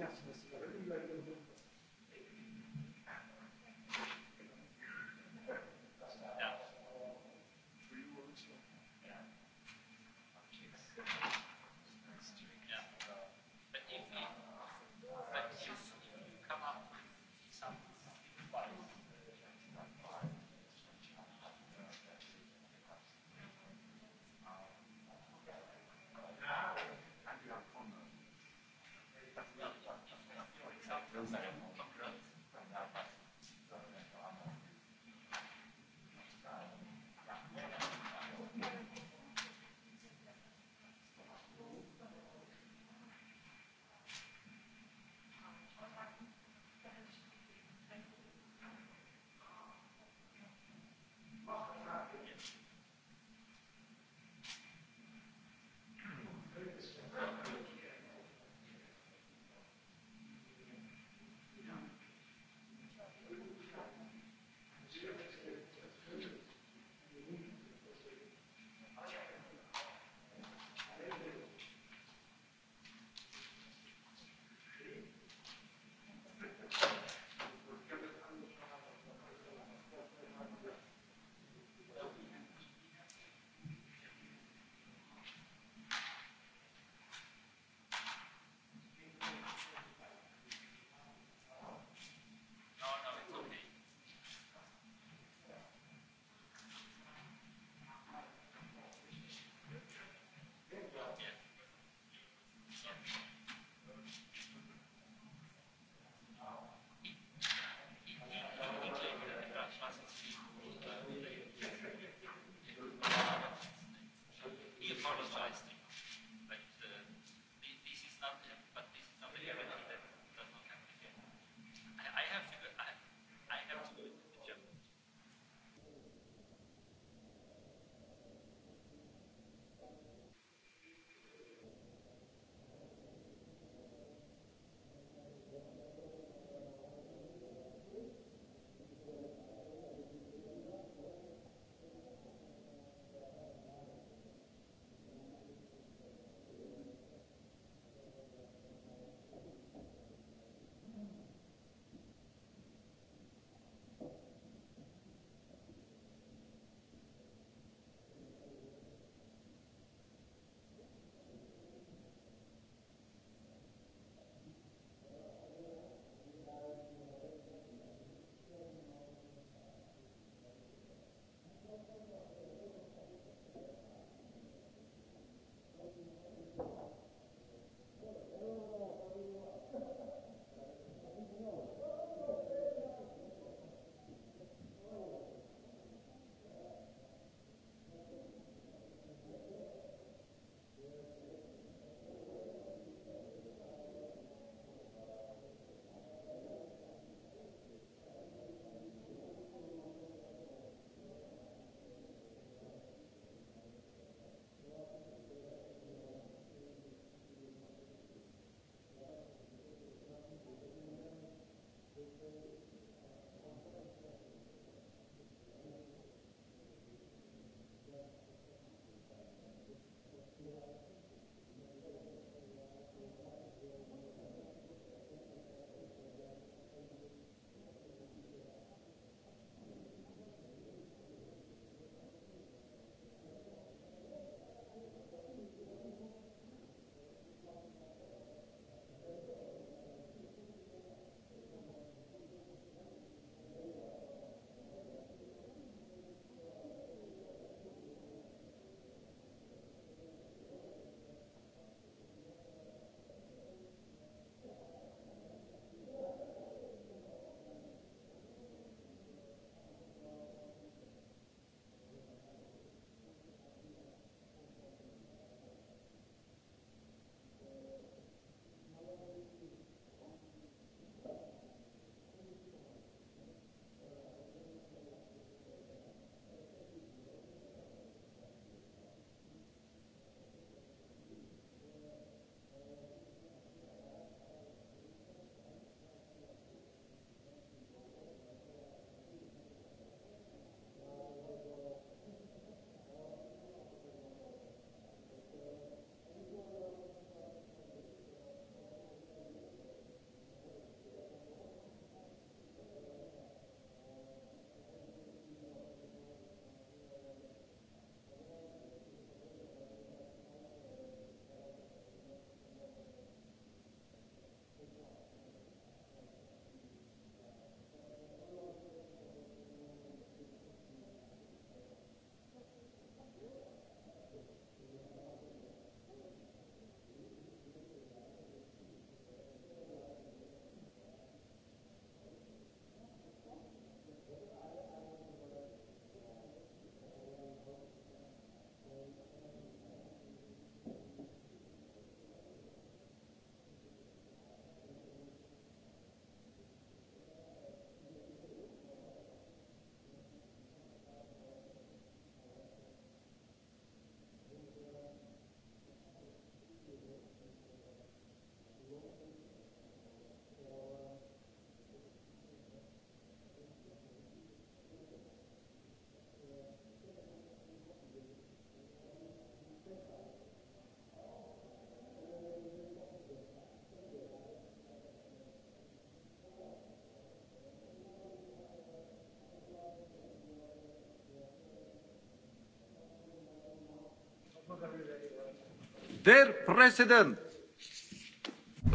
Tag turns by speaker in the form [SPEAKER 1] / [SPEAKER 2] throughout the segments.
[SPEAKER 1] ja.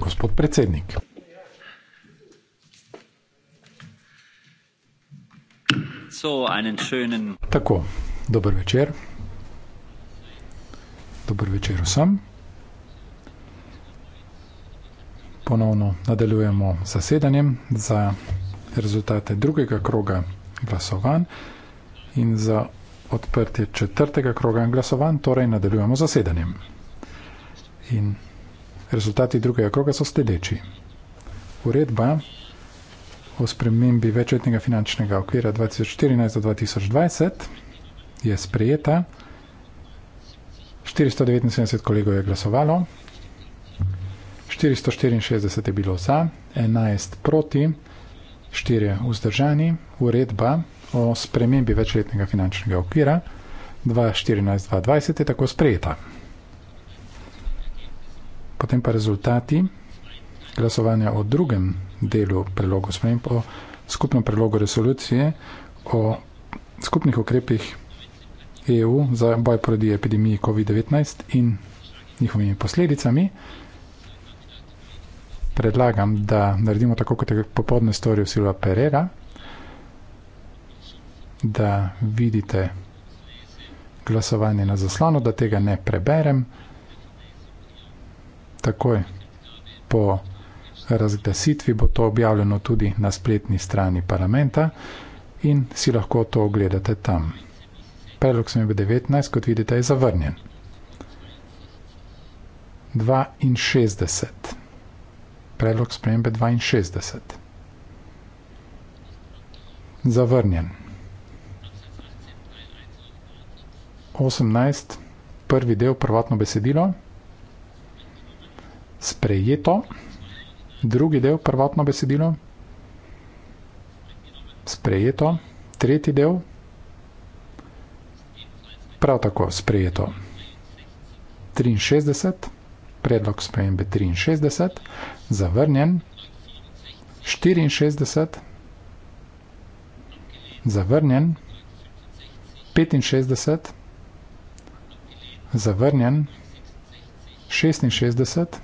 [SPEAKER 1] Gospod predsednik. Tako, dober večer. Dober večer vsem. Ponovno nadaljujemo zasedanjem za rezultate drugega kroga glasovanj in za odprtje četrtega kroga glasovanj, torej nadaljujemo zasedanjem in rezultati drugega kroga so sledeči. Uredba o spremembi večletnega finančnega okvira 2014-2020 je sprejeta. 479 kolegov je glasovalo, 464 je bilo za, 11 proti, 4 vzdržani. Uredba o spremembi večletnega finančnega okvira 2014-2020 je tako sprejeta potem pa rezultati glasovanja o drugem delu prelogu sprememb, o skupnem prelogu resolucije, o skupnih ukrepih EU za boj proti epidemiji COVID-19 in njihovimi posledicami. Predlagam, da naredimo tako, kot je popodne storil Silva Pereira, da vidite glasovanje na zaslonu, da tega ne preberem takoj po razglasitvi bo to objavljeno tudi na spletni strani parlamenta in si lahko to ogledate tam. Predlog sem je 19, kot vidite, je zavrnjen. 62. Predlog spremembe 62. Zavrnjen. 18. Prvi del, prvotno besedilo sprejeto, drugi del prvotno besedilo, sprejeto, tretji del, prav tako sprejeto, 63, predlog spremembe 63, zavrnjen, 64, zavrnjen, 65, zavrnjen, 66, 66,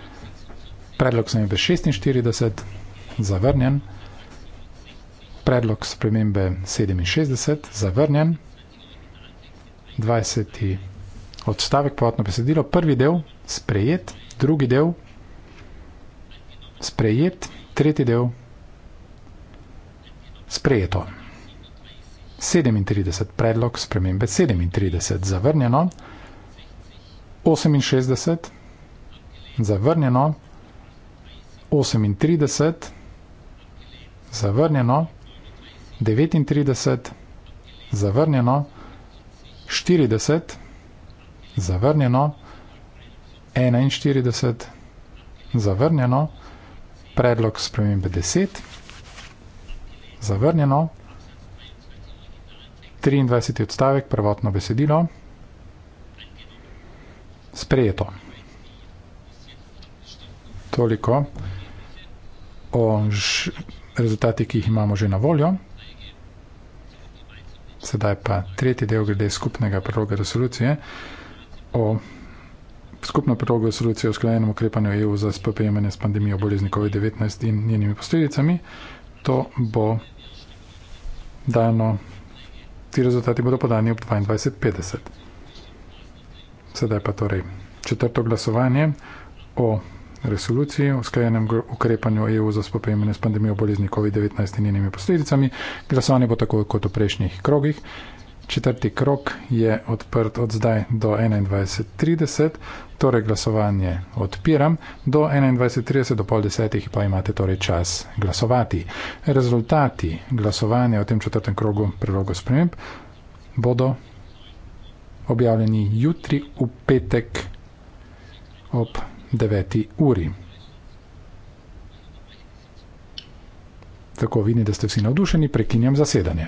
[SPEAKER 1] predlog spremembe 46, zavrnjen, predlog spremembe 67, zavrnjen, 20. odstavek povratno besedilo, prvi del, sprejet, drugi del, sprejet, tretji del, sprejeto. 37, predlog spremembe 37, zavrnjeno, 68, zavrnjeno, 38, zavrnjeno, 39, zavrnjeno, 40, zavrnjeno, 41, zavrnjeno, predlog spremembe 10, zavrnjeno, 23. odstavek, prvotno besedilo, sprejeto. Toliko o rezultatih, ki jih imamo že na voljo. Sedaj pa tretji del glede skupnega proroga resolucije o skupno proroga resolucije o sklenjenem ukrepanju EU za spopajemanje s pandemijo bolezni COVID-19 in njenimi posledicami. To bo dano, ti rezultati bodo podani ob 22.50. Sedaj pa torej četrto glasovanje o resoluciji o sklenjenem ukrepanju EU za spopajanje s pandemijo bolezni COVID-19 in njenimi posledicami. Glasovanje bo tako kot v prejšnjih krogih. Četrti krok je odprt od zdaj do 21.30, torej glasovanje odpiram. Do 21.30, do pol desetih pa imate torej čas glasovati. Rezultati glasovanja v tem četrtem krogu prilogo sprememb bodo objavljeni jutri v petek ob 17.00. 9. uri. Tako vidim, da ste vsi navdušeni, prekinjam zasedanje.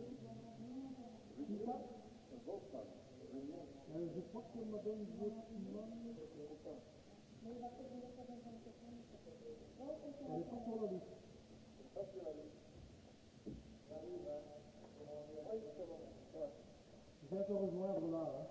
[SPEAKER 1] Je vais te rejoindre là. Hein.